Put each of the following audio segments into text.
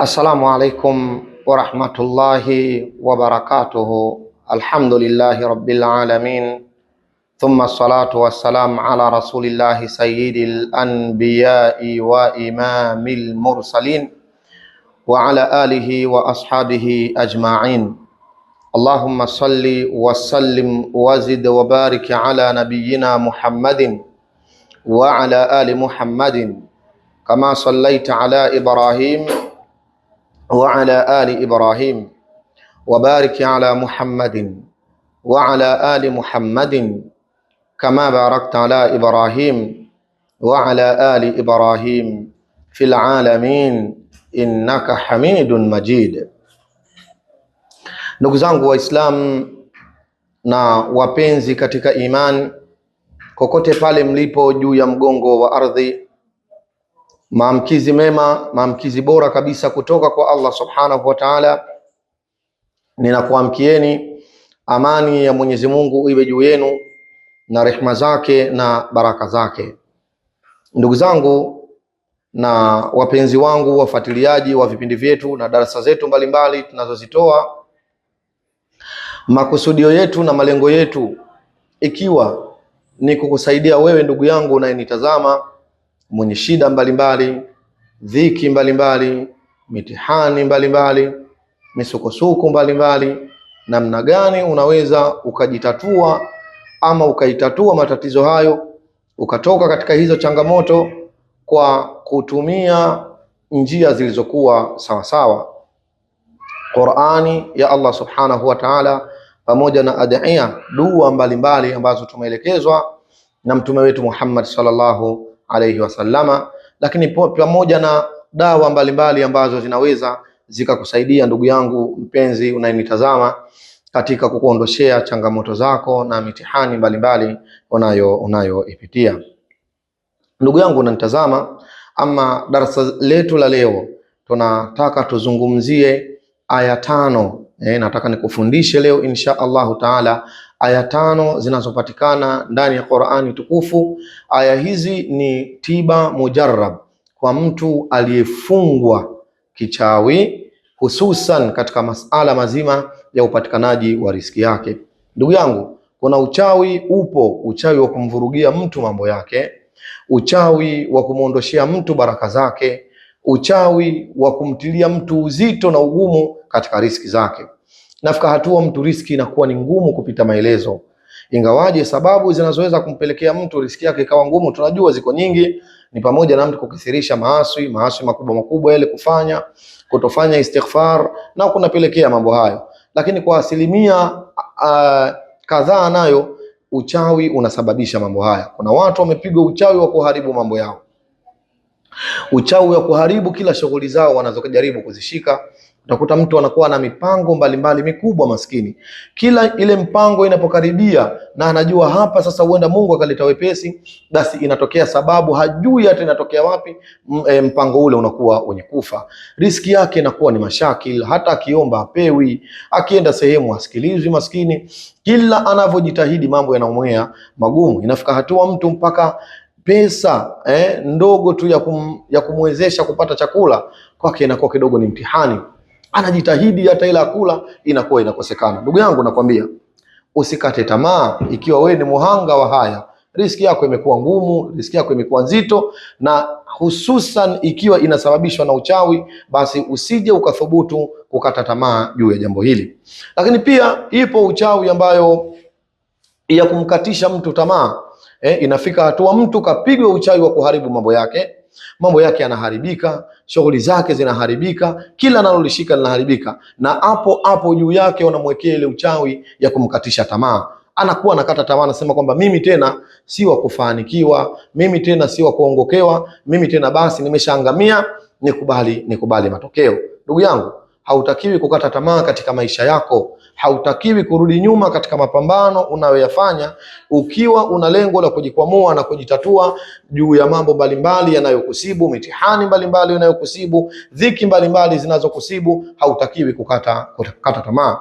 السلام عليكم ورحمة الله وبركاته الحمد لله رب العالمين ثم الصلاة والسلام على رسول الله سيد الأنبياء وإمام المرسلين وعلى آله وأصحابه أجمعين اللهم صل وسلم وزد وبارك على نبينا محمد وعلى آل محمد كما صليت على إبراهيم وعلى آل إبراهيم وبارك على محمد وعلى آل محمد كما باركت على إبراهيم وعلى آل إبراهيم في العالمين إنك حميد مجيد نقزانك وإسلام نا na كتك إيمان imani, kokote pale mlipo juu ya mgongo wa ardhi maamkizi mema, maamkizi bora kabisa kutoka kwa Allah subhanahu wa ta'ala. Ninakuamkieni amani ya Mwenyezi Mungu iwe juu yenu na rehma zake na baraka zake. Ndugu zangu na wapenzi wangu, wafuatiliaji wa vipindi vyetu na darasa zetu mbalimbali tunazozitoa, makusudio yetu na malengo yetu ikiwa ni kukusaidia wewe ndugu yangu unayenitazama mwenye shida mbalimbali, dhiki mbalimbali, mitihani mbalimbali, misukosuko mbalimbali, namna gani unaweza ukajitatua ama ukaitatua matatizo hayo ukatoka katika hizo changamoto kwa kutumia njia zilizokuwa sawasawa. Qurani ya Allah subhanahu wa ta'ala, pamoja na adhiya dua mbalimbali ambazo tumeelekezwa na mtume wetu Muhammad sallallahu alayhi wasallama, lakini pamoja na dawa mbalimbali ambazo zinaweza zikakusaidia ndugu yangu mpenzi unayenitazama katika kukuondoshea changamoto zako na mitihani mbalimbali unayo unayoipitia. Ndugu yangu unanitazama, ama darasa letu la leo tunataka tuzungumzie aya tano. E, nataka nikufundishe leo insha Allahu taala aya tano zinazopatikana ndani ya Qur'ani tukufu. Aya hizi ni tiba mujarrab kwa mtu aliyefungwa kichawi, hususan katika masala mazima ya upatikanaji wa riziki yake. Ndugu yangu, kuna uchawi upo, uchawi wa kumvurugia mtu mambo yake, uchawi wa kumwondoshea mtu baraka zake, uchawi wa kumtilia mtu uzito na ugumu katika riziki zake nafika hatua mtu riski inakuwa ni ngumu kupita maelezo. Ingawaje sababu zinazoweza kumpelekea mtu riski yake ikawa ngumu tunajua ziko nyingi, ni pamoja na mtu kukithirisha maasi, maasi makubwa makubwa yale kufanya, kutofanya istighfar na kunapelekea mambo hayo, lakini kwa asilimia uh, kadhaa nayo uchawi unasababisha mambo haya. Kuna watu wamepigwa uchawi wa kuharibu mambo yao, uchawi wa kuharibu kila shughuli zao wanazojaribu kuzishika Utakuta mtu anakuwa na mipango mbalimbali mbali mikubwa, maskini. Kila ile mpango inapokaribia na anajua hapa sasa, huenda Mungu akaleta wepesi, basi inatokea sababu, hajui hata inatokea wapi, eh, mpango ule unakuwa wenye kufa. Riski yake inakuwa ni mashakil, hata akiomba apewi, akienda sehemu asikilizwi, maskini. Kila anavyojitahidi mambo yanamwea magumu, inafika hatua mtu mpaka pesa eh, ndogo tu ya, kum, ya kumwezesha kupata chakula kwake inakuwa kidogo ni mtihani anajitahidi hata ila kula inakuwa inakosekana. Ndugu yangu, nakwambia usikate tamaa. Ikiwa wewe ni muhanga wa haya, riski yako imekuwa ngumu, riski yako imekuwa nzito, na hususan ikiwa inasababishwa na uchawi, basi usije ukathubutu kukata tamaa juu ya jambo hili. Lakini pia ipo uchawi ambayo ya kumkatisha mtu tamaa. Eh, inafika hatua mtu kapigwa uchawi wa kuharibu mambo yake mambo yake yanaharibika, shughuli zake zinaharibika, kila analolishika linaharibika, na hapo hapo juu yake wanamwekea ile uchawi ya kumkatisha tamaa anakuwa anakata tamaa, anasema kwamba mimi tena si wa kufanikiwa, mimi tena si wa kuongokewa, mimi tena basi nimeshaangamia, nikubali nikubali matokeo. Ndugu yangu Hautakiwi kukata tamaa katika maisha yako, hautakiwi kurudi nyuma katika mapambano unayoyafanya ukiwa una lengo la kujikwamua na kujitatua juu ya mambo mbalimbali yanayokusibu, mitihani mbalimbali inayokusibu, dhiki mbalimbali zinazokusibu. Hautakiwi kukata, kukata tamaa.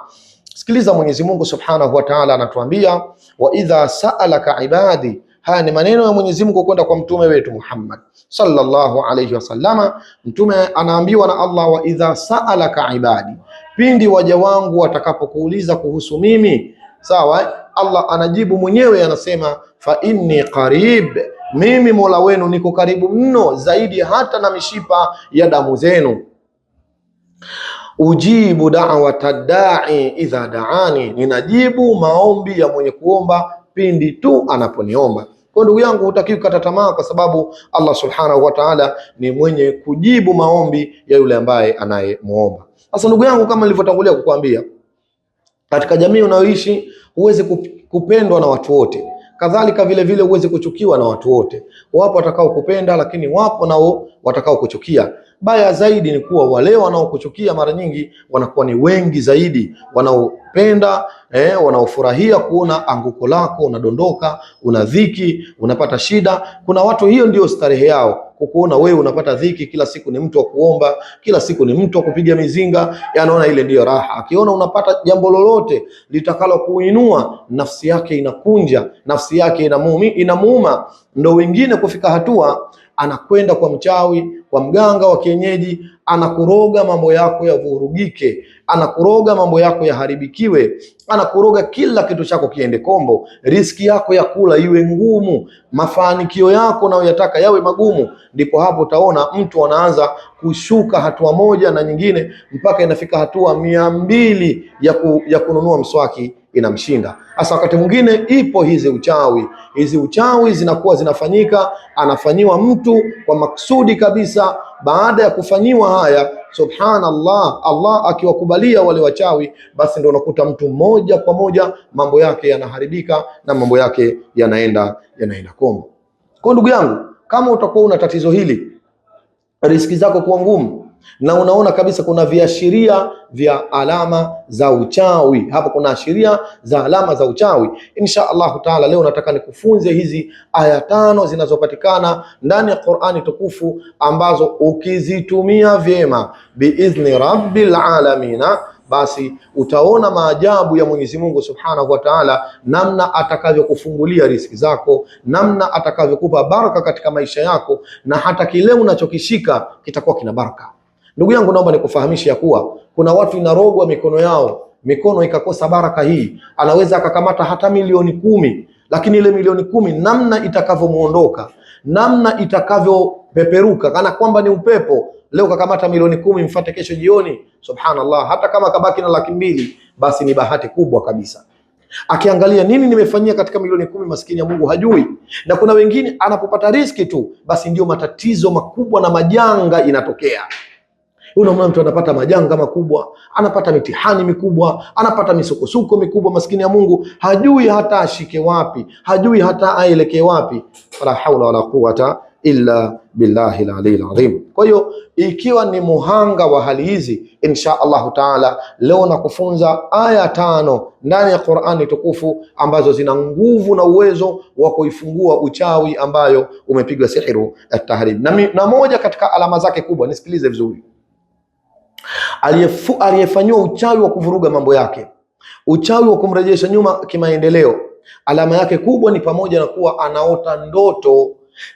Sikiliza, Mwenyezi Mungu Subhanahu wa Ta'ala anatuambia, wa idha sa'alaka ibadi Haya ni maneno ya Mwenyezi Mungu kwenda kwa mtume wetu Muhammad sallallahu alayhi wasallama. Mtume anaambiwa na Allah, wa idha saalaka ibadi, pindi waja wangu watakapokuuliza kuhusu mimi. Sawa, Allah anajibu mwenyewe, anasema fa inni qarib, mimi mola wenu niko karibu mno, zaidi hata na mishipa ya damu zenu ujibu da'wata da'i idha da'ani, ninajibu maombi ya mwenye kuomba pindi tu anaponiomba. Kwa ndugu yangu, hutaki kukata tamaa, kwa sababu Allah subhanahu wa ta'ala ni mwenye kujibu maombi ya yule ambaye anayemuomba. Sasa ndugu yangu, kama nilivyotangulia kukuambia, katika jamii unayoishi huwezi kupendwa na watu wote, kadhalika vile vile huwezi kuchukiwa na watu wote. Wapo watakao kupenda, lakini wapo nao watakao kuchukia. Baya zaidi ni kuwa wale wanaokuchukia mara nyingi wanakuwa ni wengi zaidi wanao wanaokupenda eh, wanaofurahia kuona anguko lako, unadondoka, una dhiki, unapata shida. Kuna watu hiyo ndio starehe yao kukuona wewe unapata dhiki, kila siku ni mtu wa kuomba, kila siku ni mtu wa kupiga mizinga, anaona yaani ile ndiyo raha. Akiona unapata jambo lolote litakalo kuinua nafsi yake inakunja, nafsi yake inamumi, inamuuma. Ndo wengine kufika hatua anakwenda kwa mchawi, kwa mganga wa kienyeji anakoroga mambo yako yavurugike, anakoroga mambo yako yaharibikiwe, anakoroga kila kitu chako kiende kombo, riski yako ya kula iwe ngumu, mafanikio yako unayoyataka yawe magumu. Ndipo hapo utaona mtu anaanza kushuka hatua moja na nyingine mpaka inafika hatua mia mbili ya, ku, ya kununua mswaki inamshinda. Hasa wakati mwingine ipo hizi uchawi, hizi uchawi zinakuwa zinafanyika, anafanyiwa mtu kwa maksudi kabisa baada ya kufanyiwa haya, subhanallah, Allah akiwakubalia wale wachawi, basi ndio unakuta mtu moja kwa moja mambo yake yanaharibika na mambo yake yanaenda yanaenda kombo. Kwa ndugu yangu, kama utakuwa una tatizo hili, riziki zako kuwa ngumu na unaona kabisa kuna viashiria vya alama za uchawi hapo, kuna ashiria za alama za uchawi. Insha Allahu taala, leo nataka nikufunze hizi aya tano zinazopatikana ndani ya Qur'ani tukufu ambazo ukizitumia vyema biidhni rabbil alamina basi utaona maajabu ya Mwenyezi Mungu Subhanahu wa Ta'ala, namna atakavyokufungulia riziki zako, namna atakavyokupa baraka katika maisha yako, na hata kile unachokishika kitakuwa kina baraka. Ndugu yangu, naomba nikufahamishe ya kuwa kuna watu inarogwa mikono yao, mikono ikakosa baraka. Hii anaweza akakamata hata milioni kumi, lakini ile milioni kumi namna itakavyomuondoka, namna itakavyopeperuka kana kwamba ni upepo. Leo kakamata milioni kumi, mfate kesho jioni, subhanallah. Hata kama kabaki na laki mbili, basi ni bahati kubwa kabisa akiangalia nini nimefanyia katika milioni kumi. Maskini ya Mungu hajui. Na kuna wengine anapopata riski tu, basi ndio matatizo makubwa na majanga inatokea. Huyu mwana mtu anapata majanga makubwa, anapata mitihani mikubwa, anapata misukosuko mikubwa, maskini ya Mungu hajui hata ashike wapi, hajui hata aelekee wapi. Wala haula wala quwata illa billahi lalil adhim. Kwa hiyo ikiwa ni muhanga wa hali hizi, insha Allahu taala leo nakufunza aya tano ndani ya Qur'ani tukufu ambazo zina nguvu na uwezo wa kuifungua uchawi ambayo umepigwa sihiru at tahrim na, na moja katika alama zake kubwa, nisikilize vizuri aliyefanyiwa uchawi wa kuvuruga mambo yake, uchawi wa kumrejesha nyuma kimaendeleo. Alama yake kubwa ni pamoja na kuwa anaota ndoto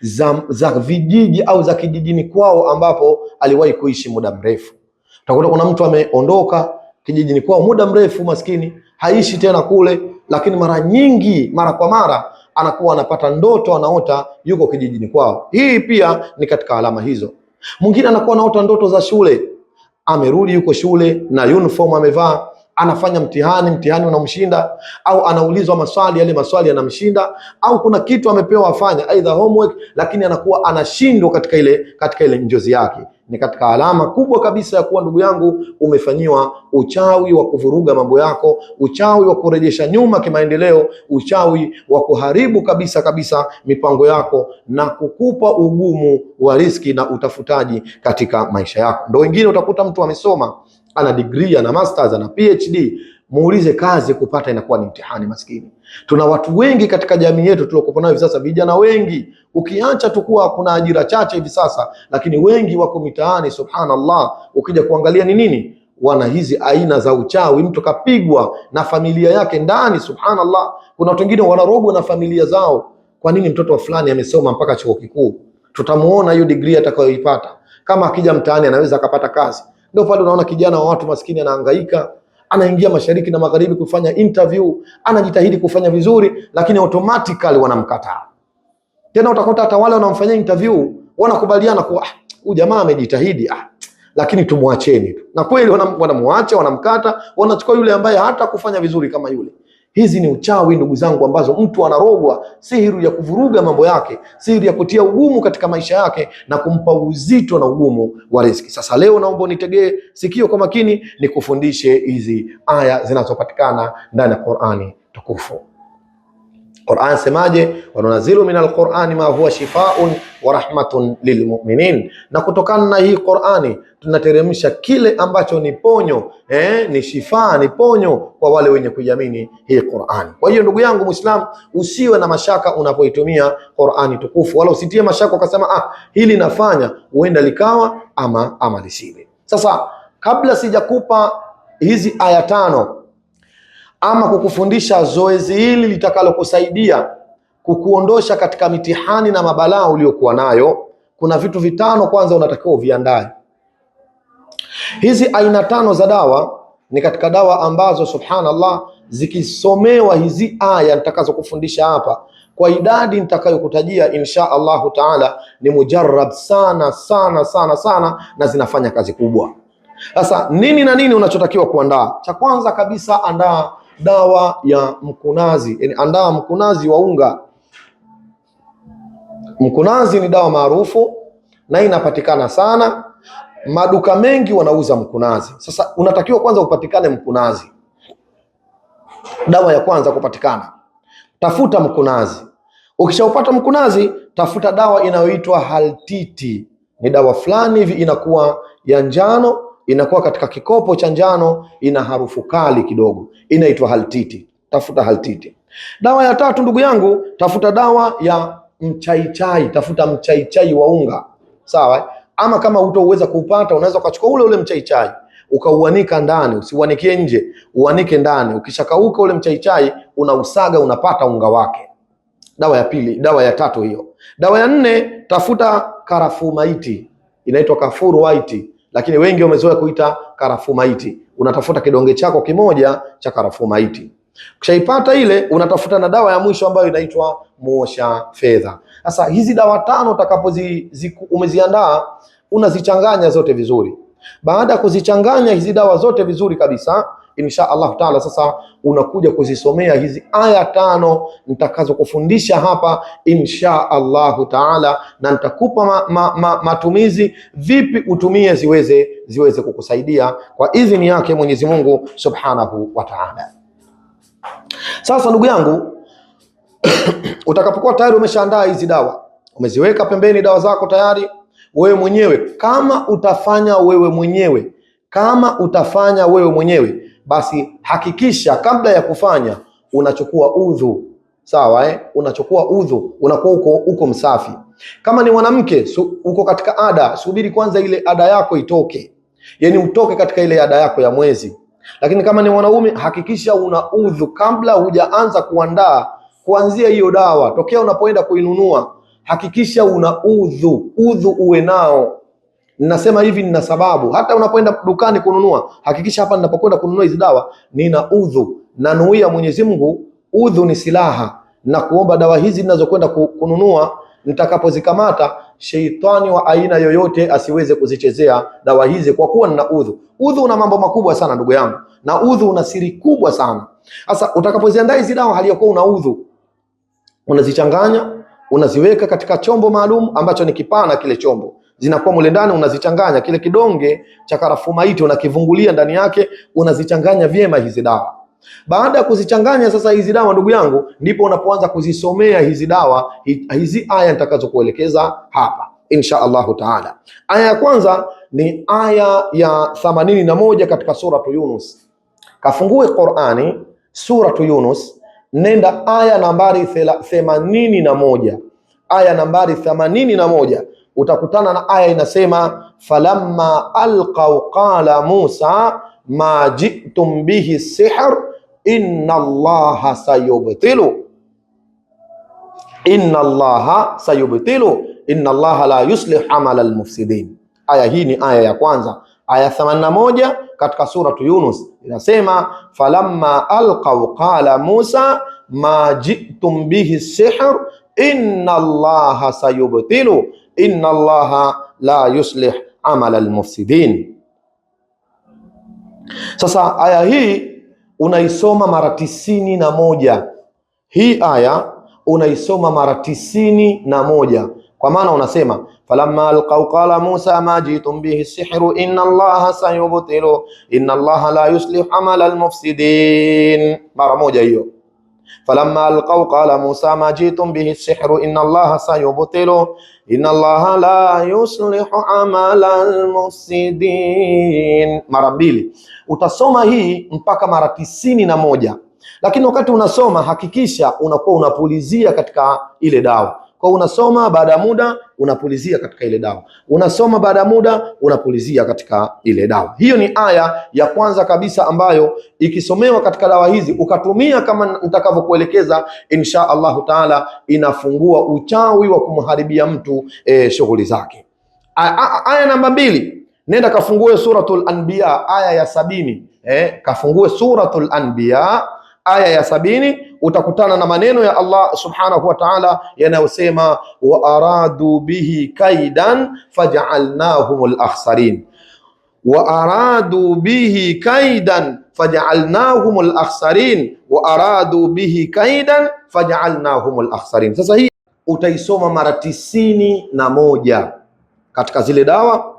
za, za vijiji au za kijijini kwao ambapo aliwahi kuishi muda mrefu. Utakuta kuna mtu ameondoka kijijini kwao muda mrefu, maskini haishi tena kule, lakini mara nyingi, mara kwa mara anakuwa anapata ndoto, anaota yuko kijijini kwao. Hii pia ni katika alama hizo. Mwingine anakuwa anaota ndoto za shule amerudi yuko shule na uniform amevaa, anafanya mtihani, mtihani unamshinda, au anaulizwa maswali, yale maswali yanamshinda, au kuna kitu amepewa afanya, aidha homework, lakini anakuwa anashindwa katika ile, katika ile njozi yake ni katika alama kubwa kabisa ya kuwa ndugu yangu umefanyiwa uchawi wa kuvuruga mambo yako, uchawi wa kurejesha nyuma kimaendeleo, uchawi wa kuharibu kabisa kabisa mipango yako na kukupa ugumu wa riski na utafutaji katika maisha yako. Ndio wengine utakuta mtu amesoma ana degree ana masters ana PhD muulize kazi kupata inakuwa ni mtihani maskini. Tuna watu wengi katika jamii yetu tuliokuwa nayo hivi sasa, vijana wengi, ukiacha tu kuwa kuna ajira chache hivi sasa, lakini wengi wako mitaani, subhanallah. Ukija kuangalia ni nini, wana hizi aina za uchawi. Mtu kapigwa na familia yake ndani, subhanallah. Kuna watu wengine wanarogwa na familia zao. Kwa nini? Mtoto wa fulani amesoma mpaka chuo kikuu, tutamuona hiyo degree atakayoipata, kama akija mtaani anaweza akapata kazi. Ndio pale unaona kijana wa watu maskini anahangaika anaingia mashariki na magharibi kufanya interview, anajitahidi kufanya vizuri, lakini automatically wanamkataa. Tena utakuta hata wale wanamfanyia interview wanakubaliana kuwa ah, huyu jamaa amejitahidi, ah, lakini tumwacheni tu, na kweli wanamwacha, wanamkata, wanachukua yule ambaye hata kufanya vizuri kama yule. Hizi ni uchawi ndugu zangu, ambazo mtu anarogwa, sihiri ya kuvuruga mambo yake, sihiri ya kutia ugumu katika maisha yake na kumpa uzito na ugumu wa riziki. Sasa leo naomba unitegee sikio kwa makini, nikufundishe hizi aya zinazopatikana ndani ya Qur'ani tukufu. Qur'an semaje? wanunazilu min alqur'ani ma huwa shifaun wa rahmatun lilmuminin, na kutokana na hii Qur'ani tunateremsha kile ambacho ni ponyo eh, ni shifaa, ni ponyo kwa wale wenye kuiamini hii Qur'ani. Kwa hiyo ndugu yangu Muislam, usiwe na mashaka unapoitumia Qur'ani tukufu, wala usitie mashaka ukasema ah, hili nafanya huenda likawa ama ama lisiwe. Sasa kabla sijakupa hizi aya tano ama kukufundisha zoezi hili litakalokusaidia kukuondosha katika mitihani na mabalaa uliokuwa nayo. Kuna vitu vitano kwanza unatakiwa uviandae. Hizi aina tano za dawa ni katika dawa ambazo subhanallah, zikisomewa hizi aya nitakazokufundisha hapa kwa idadi nitakayokutajia insha Allahu taala, ni mujarrab sana sana sana sana, na zinafanya kazi kubwa. Sasa nini na nini unachotakiwa kuandaa? Cha kwanza kabisa, andaa dawa ya mkunazi, yani andaa mkunazi wa unga. Mkunazi ni dawa maarufu na inapatikana sana, maduka mengi wanauza mkunazi. Sasa unatakiwa kwanza upatikane mkunazi, dawa ya kwanza kupatikana, tafuta mkunazi. Ukishaupata mkunazi, tafuta dawa inayoitwa haltiti. Ni dawa fulani hivi inakuwa ya njano inakuwa katika kikopo cha njano, ina harufu kali kidogo, inaitwa haltiti. Tafuta haltiti. Dawa ya tatu, ndugu yangu, tafuta dawa ya mchaichai. Tafuta mchaichai wa unga, sawa. Ama kama hutoweza kuupata, unaweza ukachukua ule ule mchaichai ukauanika ndani, usiuanikie nje, uanike ndani. Ukishakauka ule mchaichai, unausaga unapata unga wake. Dawa ya pili, dawa ya tatu hiyo. Dawa ya nne, tafuta karafuu maiti, inaitwa kafuru white lakini wengi wamezoea kuita karafuu maiti. Unatafuta kidonge chako kimoja cha karafuu maiti, ukishaipata ile unatafuta na dawa ya mwisho ambayo inaitwa muosha fedha. Sasa hizi dawa tano utakapozi umeziandaa unazichanganya zote vizuri. Baada ya kuzichanganya hizi dawa zote vizuri kabisa insha Allah taala. Sasa unakuja kuzisomea hizi aya tano nitakazokufundisha hapa insha Allahu taala, na nitakupa ma, ma, ma, matumizi vipi utumie ziweze ziweze kukusaidia kwa idhini yake Mwenyezi Mungu subhanahu wa taala. Sasa ndugu yangu utakapokuwa tayari umeshaandaa hizi dawa, umeziweka pembeni dawa zako tayari wewe mwenyewe, kama utafanya wewe mwenyewe, kama utafanya wewe mwenyewe basi hakikisha kabla ya kufanya unachukua udhu. Sawa eh? Unachukua udhu, unakuwa uko, uko msafi. Kama ni mwanamke uko katika ada, subiri kwanza ile ada yako itoke, yaani utoke katika ile ada yako ya mwezi. Lakini kama ni mwanaume, hakikisha una udhu kabla hujaanza kuandaa, kuanzia hiyo dawa tokea unapoenda kuinunua, hakikisha una udhu, udhu uwe nao Ninasema hivi, nina sababu. Hata unapoenda dukani kununua, hakikisha hapa ninapokwenda kununua hizi dawa nina udhu, nanuia Mwenyezi Mungu, udhu ni silaha, na kuomba dawa hizi ninazokwenda kununua nitakapozikamata sheitani wa aina yoyote asiweze kuzichezea dawa hizi, kwa kuwa nina udhu. Udhu una mambo makubwa sana ndugu yangu, na udhu una siri kubwa sana. Sasa utakapoziandaa hizi dawa hali ya kuwa una udhu, unazichanganya unaziweka katika chombo maalum ambacho ni kipana, kile chombo zinakuwa mule ndani, unazichanganya kile kidonge cha karafuu maiti unakivungulia ndani yake, unazichanganya vyema hizi dawa. Baada ya kuzichanganya sasa hizi dawa, ndugu yangu, ndipo unapoanza kuzisomea hizi dawa, hizi aya nitakazokuelekeza hapa insha Allahu taala. Aya ya kwanza ni aya ya thamanini na moja katika suratu Yunus. Kafungue Qurani suratu Yunus, nenda aya nambari themanini na moja aya nambari themanini na moja utakutana na aya inasema, falamma alqaw qala Musa ma jitum bihi sihr inna allaha sayubtilu inna allaha sayubtilu inna allaha la yuslih amal almufsidin. Aya hii ni aya ya kwanza, aya 81 katika suratu Yunus inasema falamma alqau qala Musa ma jitum bihi sihr inna allaha sayubtilu inna allaha la yuslih amala almufsidin. Sasa aya hii unaisoma mara tisini na moja. Hii aya unaisoma mara tisini na moja kwa maana unasema falamma alqaw qala Musa ma jitum bihi sihru inna allaha sayubtilu inna allaha la yuslih amala almufsidin. Mara moja hiyo falamma alqau qala Musa ma jitum bihi sihru inna Allaha sayubtilu inna Allaha la yuslihu amala mufsidin. Mara mbili utasoma hii mpaka mara tisini na moja, lakini wakati unasoma hakikisha unakuwa unapulizia katika ile dawa kwa unasoma baada ya muda unapulizia katika ile dawa, unasoma baada ya muda unapulizia katika ile dawa. Hiyo ni aya ya kwanza kabisa ambayo ikisomewa katika dawa hizi ukatumia kama nitakavyokuelekeza, insha Allahu taala, inafungua uchawi wa kumharibia mtu e, shughuli zake. Aya namba mbili, nenda kafungue Suratul Anbiya aya ya sabini. Eh, kafungue Suratul Anbiya aya ya sabini utakutana na maneno ya Allah subhanahu wa ta'ala yanayosema wa aradu bihi kaidan faj'alnahumul akhsarin wa aradu bihi kaidan faj'alnahumul akhsarin wa aradu bihi kaidan faj'alnahumul akhsarin. Sasa hii utaisoma mara tisini na moja katika zile dawa,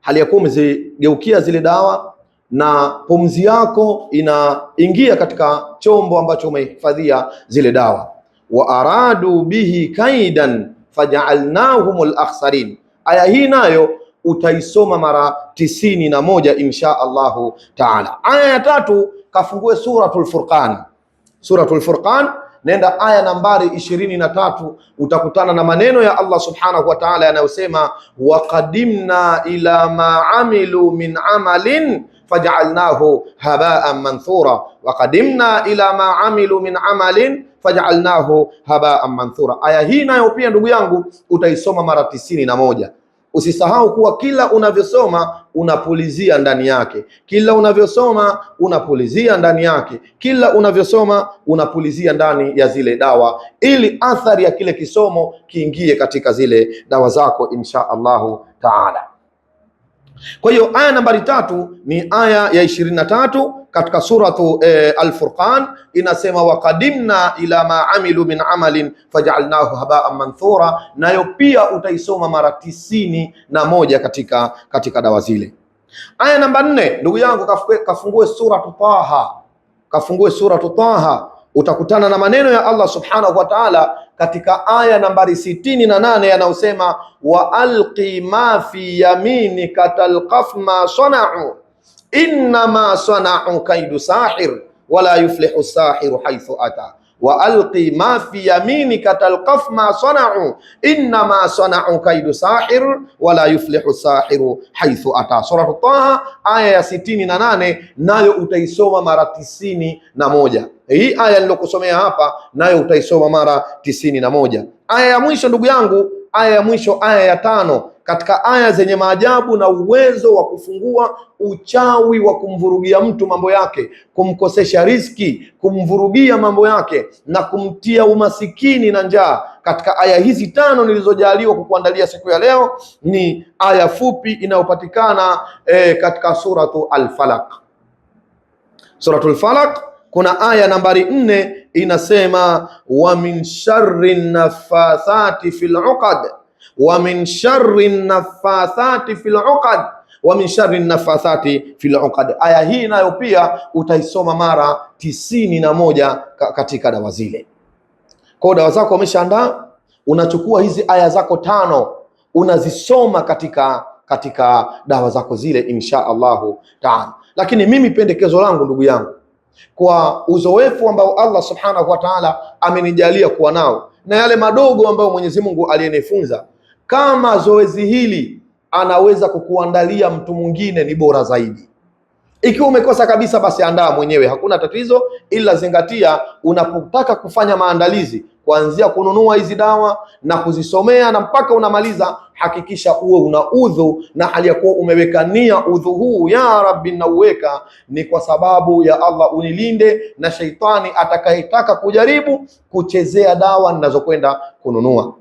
hali ya kuwa umezigeukia zile dawa na pumzi yako inaingia katika chombo ambacho umehifadhia zile dawa. wa aradu bihi kaidan fajaalnahum akhsarin. Aya hii nayo utaisoma mara tisini na moja insha Allahu taala. Aya ya tatu kafungue Suratul Furqan, Suratul Furqan nenda aya nambari ishirini na tatu utakutana na maneno ya Allah subhanahu wa ta'ala yanayosema, wa qadimna ila ma amilu min amalin fajalnahu habaan manthura wakadimna ila ma amilu min amalin fajalnahu habaan manthura. Aya hii nayo pia ndugu yangu utaisoma mara tisini na moja. Usisahau kuwa kila unavyosoma unapulizia ndani yake, kila unavyosoma unapulizia ndani yake, kila unavyosoma unapulizia ndani ya zile dawa, ili athari ya kile kisomo kiingie katika zile dawa zako, insha Allahu taala. Kwa hiyo aya nambari tatu ni aya ya ishirini na tatu katika suratu e, Al-Furqan inasema, waqadimna ila ma amilu min amalin fajalnahu habaan manthura. Nayo pia utaisoma mara tisini na moja katika, katika dawa zile. Aya namba nne, ndugu yangu, kafungue suratu Taha, kafungue suratu Taha utakutana na maneno ya Allah subhanahu wa ta'ala katika aya nambari sitini na nane yanayosema wa alqi ma fi yaminika talqaf ma sanau innama sanau kaidu sahir wala yuflihu sahiru haithu ata wa alqi ma fi yaminika talqaf ma sanau innama sanau kaidu sahir wala yuflihu sahiru haithu ata. Suratu Taha aya ya sitini na nane nayo utaisoma mara tisini na moja. Hii aya nilokusomea hapa nayo utaisoma mara tisini na moja. Aya ya mwisho ndugu yangu aya ya mwisho, aya ya tano, katika aya zenye maajabu na uwezo wa kufungua uchawi wa kumvurugia mtu mambo yake, kumkosesha riziki, kumvurugia mambo yake na kumtia umasikini na njaa. Katika aya hizi tano nilizojaliwa kukuandalia siku ya leo, ni aya fupi inayopatikana e, katika suratu Al-Falaq. al Falaq kuna aya nambari nne inasema wa min sharri nafathati fil uqad, wa min sharri nafathati fil uqad, wa min sharri nafathati fil uqad. Aya hii nayo pia utaisoma mara tisini na moja katika dawa zile. Kwa dawa zako umeshaandaa, unachukua hizi aya zako tano unazisoma katika katika dawa zako zile, insha Allahu taala. Lakini mimi pendekezo langu ndugu yangu kwa uzoefu ambao Allah subhanahu wa ta'ala amenijalia kuwa nao na yale madogo ambayo Mwenyezi Mungu aliyenifunza, kama zoezi hili anaweza kukuandalia mtu mwingine, ni bora zaidi. Ikiwa umekosa kabisa, basi andaa mwenyewe, hakuna tatizo, ila zingatia unapotaka kufanya maandalizi, kuanzia kununua hizi dawa na kuzisomea na mpaka unamaliza hakikisha uwe una udhu na hali ya kuwa umeweka nia. Udhu huu ya Rabbi nauweka ni kwa sababu ya Allah unilinde na sheitani atakayetaka kujaribu kuchezea dawa ninazokwenda kununua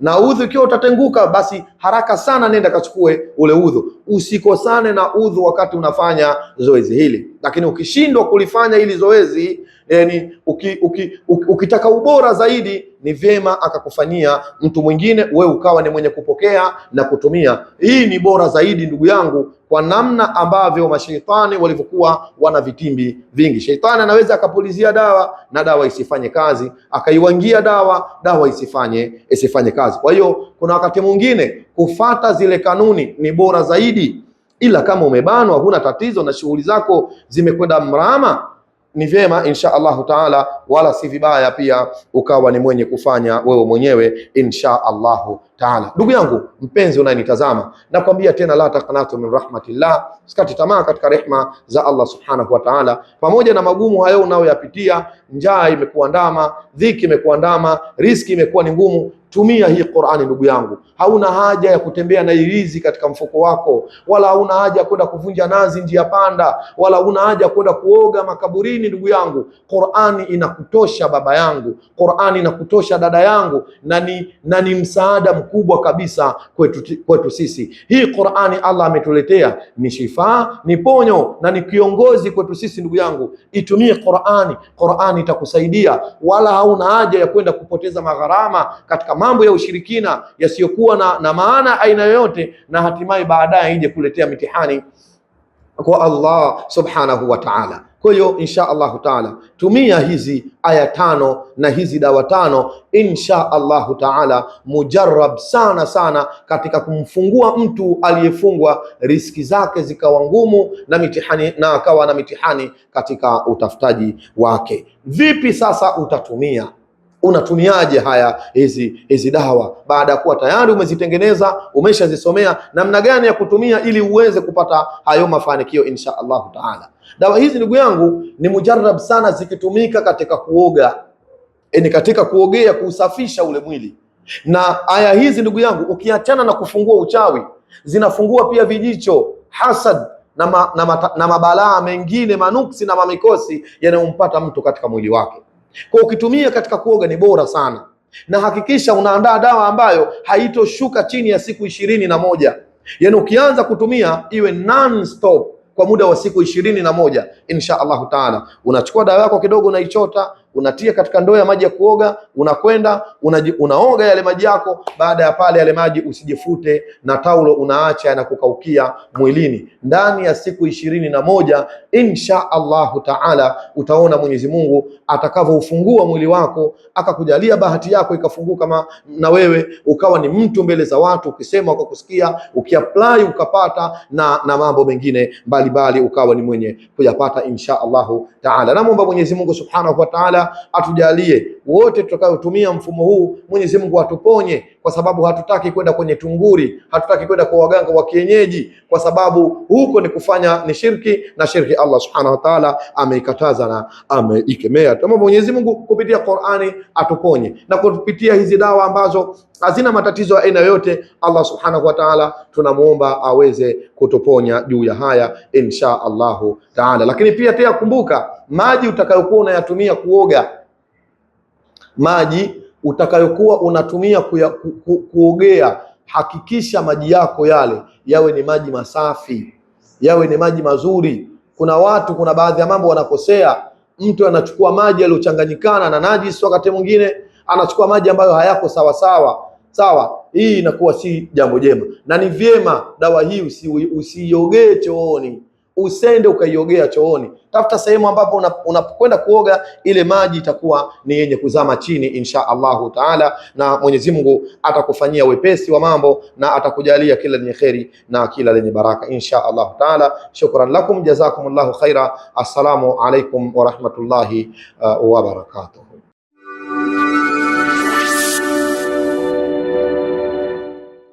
na udhu ukiwa utatenguka, basi haraka sana nenda kachukue ule udhu. Usikosane na udhu wakati unafanya zoezi hili, lakini ukishindwa kulifanya hili zoezi yani, uki, uki, uki, ukitaka ubora zaidi, ni vyema akakufanyia mtu mwingine, we ukawa ni mwenye kupokea na kutumia. Hii ni bora zaidi, ndugu yangu, kwa namna ambavyo mashaitani walivyokuwa wana vitimbi vingi. Shaitani anaweza akapulizia dawa na dawa isifanye kazi, akaiwangia dawa dawa isifanye isifanye kazi. Kwa hiyo kuna wakati mwingine kufata zile kanuni ni bora zaidi, ila kama umebanwa, huna tatizo na shughuli zako zimekwenda mrama ni vyema insha Allahu taala, wala si vibaya pia ukawa ni mwenye kufanya wewe mwenyewe insha Allahu taala. Ndugu yangu mpenzi unayenitazama, nakwambia tena, la taqnatu min rahmatillah, sikati tamaa katika rehma za Allah subhanahu wa taala. Pamoja na magumu hayo unayoyapitia, njaa imekuandama, dhiki imekuandama, riski imekuwa ni ngumu Tumia hii Qur'ani ndugu yangu, hauna haja ya kutembea na ilizi katika mfuko wako, wala hauna haja ya kwenda kuvunja nazi njia panda, wala hauna haja ya kwenda kuoga makaburini. Ndugu yangu, Qur'ani inakutosha baba yangu, Qur'ani inakutosha dada yangu, na ni na ni msaada kubwa kabisa kwetu, kwetu sisi. Hii Qur'ani Allah ametuletea ni shifaa, ni ponyo na ni kiongozi kwetu sisi. Ndugu yangu, itumie Qur'ani. Qur'ani itakusaidia, wala hauna haja ya kwenda kupoteza magharama katika mambo ya ushirikina yasiyokuwa na, na maana aina yoyote, na hatimaye baadaye ije kuletea mitihani kwa Allah subhanahu wa ta'ala. Kwa hiyo insha Allahu taala tumia hizi aya tano na hizi dawa tano insha Allahu taala, mujarab sana sana katika kumfungua mtu aliyefungwa riski zake zikawa ngumu na mitihani, na akawa na mitihani katika utafutaji wake. Vipi sasa utatumia unatumiaje haya hizi hizi dawa baada ya kuwa tayari umezitengeneza umeshazisomea, namna gani ya kutumia ili uweze kupata hayo mafanikio insha Allahu taala. Dawa hizi ndugu yangu ni mujarab sana zikitumika katika kuoga, e, ni katika kuogea, kuusafisha ule mwili. Na aya hizi ndugu yangu, ukiachana na kufungua uchawi, zinafungua pia vijicho, hasad na, ma, na, ma, na mabalaa mengine manuksi na mamikosi yanayompata mtu katika mwili wake. Kwa ukitumia katika kuoga ni bora sana, na hakikisha unaandaa dawa ambayo haitoshuka chini ya siku ishirini na moja. Yaani ukianza kutumia iwe non-stop kwa muda wa siku ishirini na moja insha Allahu taala. Unachukua dawa yako kidogo, unaichota unatia katika ndoo ya maji ya kuoga, unakwenda una, unaoga yale maji yako. Baada ya pale yale maji usijifute na taulo, unaacha yanakukaukia mwilini. Ndani ya siku ishirini na moja insha Allahu taala utaona Mwenyezi Mungu atakavyofungua mwili wako, akakujalia bahati yako ikafunguka, kama na wewe ukawa ni mtu mbele za watu, ukisema kwa kusikia ukiapply ukapata, na na mambo mengine mbalimbali ukawa ni mwenye kuyapata insha Allahu taala. Namwomba Mwenyezi Mungu subhanahu wa taala atujalie wote tutakayotumia mfumo huu, Mwenyezi Mungu atuponye kwa sababu hatutaki kwenda kwenye tunguri, hatutaki kwenda kwa waganga wa kienyeji, kwa sababu huko ni kufanya ni shirki, na shirki Allah subhanahu wa ta'ala ameikataza na ameikemea. Tuombe Mwenyezi Mungu kupitia Qur'ani atuponye na kupitia hizi dawa ambazo hazina matatizo ya aina yoyote. Allah subhanahu wa ta'ala tunamuomba aweze kutuponya juu ya haya insha Allahu ta'ala. Lakini pia tena kumbuka, maji utakayokuwa unayatumia kuoga maji utakayokuwa unatumia kuya, ku, ku, kuogea, hakikisha maji yako yale yawe ni maji masafi, yawe ni maji mazuri. Kuna watu, kuna baadhi ya mambo wanakosea. Mtu anachukua maji yaliyochanganyikana na najisi, wakati mwingine anachukua maji ambayo hayako sawa sawa sawa. Hii inakuwa si jambo jema, na ni vyema dawa hii usiiogee usi chooni usende ukaiogea chooni, tafuta sehemu ambapo unapokwenda una kuoga, ile maji itakuwa ni yenye kuzama chini, insha Allahu taala, na Mwenyezi Mungu atakufanyia wepesi wa mambo na atakujalia kila lenye kheri na kila lenye baraka, insha Allahu taala. Shukran lakum, jazakumullahu khaira. Assalamu alaikum warahmatullahi uh, wabarakatuh.